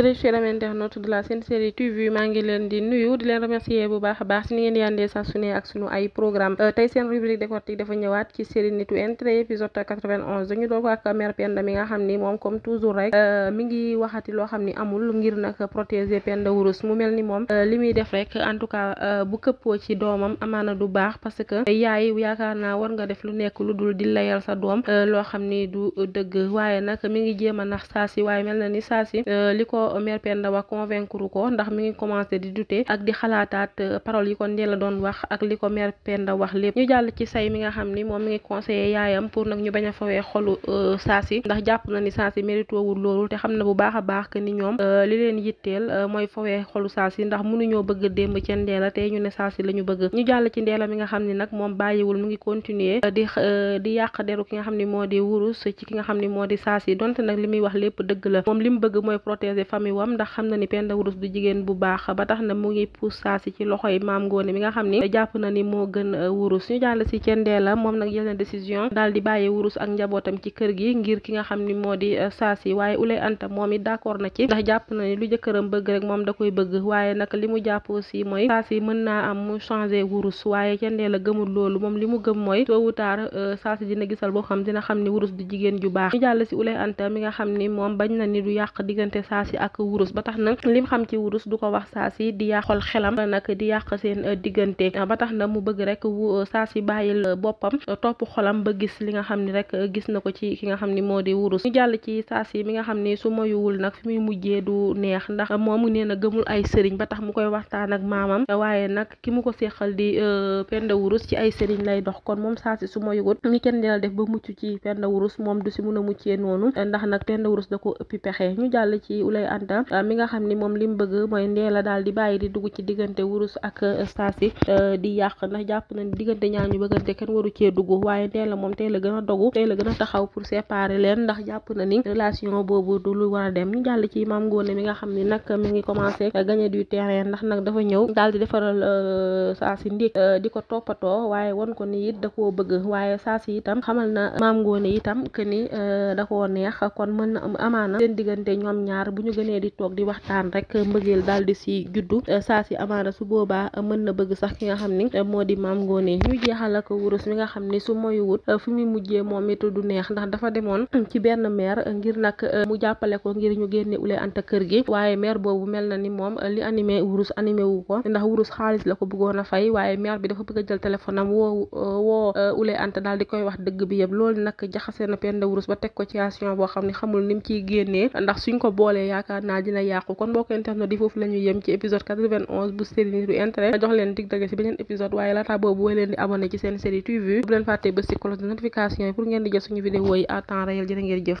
très chers de la Sen Série TV maa ngi leen di nuyu di leen remercier bu baax a baax si ni ngeen yàndee saa su ne ak sunu ay programme euh, tey seen rubrique décortique dafa ñëwaat ci série nitu intrigue épisode 91 dañu doon ko ak mère Penda mi nga xam ni moom comme toujours rek euh, mi ngi waxati loo xam ni amul ngir nag protéger Penda Wurus mu mel ni moom euh, li muy def rek en tout cas bu këppoo ci doomam amaana du baax parce que yaay yaakaar naa war nga def lu nekk lu dul di layal sa doom loo xam ni du dëgg waaye nag mi ngi jéem a nax saa si waaye mel na ni saa ko mère Penda wax convaincre ko ndax mi ngi commencé di douter ak di xalaataat euh, parole yi ko Ndella doon wax ak li ko mère Penda wax lépp ñu jàll ci say mi nga euh, na ni saasi mérite wul loolu te xam na bu baax a baax que ni ñoom euh, li leen yitteel mooy fawee xolu saasi ndax mënuñoo bëgg démb ca Ndella te ñu ne saasi la ñu bëgg ñu jàll ci Ndella mi nga xam ni nag moom bàyyiwul mu ngi continuer di di yàq deru ki nga xam ni moo di wurus ci ki nga xam ni moo di saasi donte nag li muy wax lépp dëgg la moom li bëgg mooy protéger famille wam bu baax ba tax na mu ngi puus saasi ci loxoy maam Ngoone mi nga xam ni jàpp na ni moo gën euh, ki nga xam ni moo di euh, saasi waaye ulay anta moom it d'accord na ci ndax jàpp na ni lu jëkkëram bëgg rek moom da koy bëgg waaye nag li mu jàpp si mooy saasi mën na am mu changé wurus waaye cendeela gëmul loolu moom li mu gëm mooy tôt ou tard euh, saasi dina gisal boo xam dina xam ni wurus du jigéen ju baax ñu jàll si ulay anta mi nga xam ni moom bañ na ni du yàq diggante saasi ak wurus ba tax na lim xam ci wurus du ko wax saa si di yàqol xelam nag di yàq seen diggante ba tax na mu bëgg rek saa si bàyyil boppam topp xolam ba gis li nga xam ni rek gis na ko ci ki nga xam ni moo di wurus ñu jàll ci saa si mi nga xam ni su moyuwul nag fi muy mujjee du neex ndax moom nee na gëmul ay sëriñ ba tax mu koy waxtaan ak maamam waaye nag ki mu ko seexal di euh, penda wurus ci ay sëriñ lay dox kon moom saa si su moyuwul ni kenn dina def ba mucc ci penda wurus moom du si mun a muccee noonu ndax Anta ah, mi nga xam ni moom li mu bëgg mooy Ndella daal di bàyyi di dugg ci diggante wurus ak eh, Saasi eh, di yàq ndax jàpp na diggante ñaar ñu bëggante kenn waru cee dugg waaye Ndella moom tey la gën a dogu tey la a taxaw pour séparer leen ndax jàpp na ni relation boobu a dem ñu jàll ci Mame ni nag mi ngi commencé eh, gagner du terrain ndax nag dafa ñëw daal di defaral Saasi di ko toppatoo waaye won ko ni it da koo bëgg waaye Saasi itam xamal na Mame Ngoné itam que ni da koo diggante ñaar bu ñu gënee di toog di waxtaan rek mbëggeel daal di si juddu saa si amaana su boobaa mën na bëgg sax ki nga xam ni moo di maam ngoonee ñu jeexal ak wurus mi nga xam ni su moyuwut fi muy mujjee moom it du neex ndax dafa demoon ci benn maire ngir nag mu jàppale ko ngir ñu génne ule anta kër gi waaye maire boobu mel na ni moom li animé wurus animé wu ko ndax wurus xaalis la ko bëggoon a fay waaye maire bi dafa bëgg a jël téléphone am woo woo euh, ule anta daal di koy wax dëgg bi yëpp loolu nag jaxase na Penda wurus ba teg ko ci action boo xam ni xamul ni mu ciy génnee ndax suñ ko boolee yaakaar yaakaar naa dina yàqu kon mbokk internet di foofu la yem ci épisode 91 bu série nitu intérêt ma jox leen dig dëgg beneen épisode waaye laata boobu woy leen di abonné ci seen série TV bu leen fàttee bës ci cloche de yi pour ngeen di jot suñu vidéo yi à temps réel ngeen jëf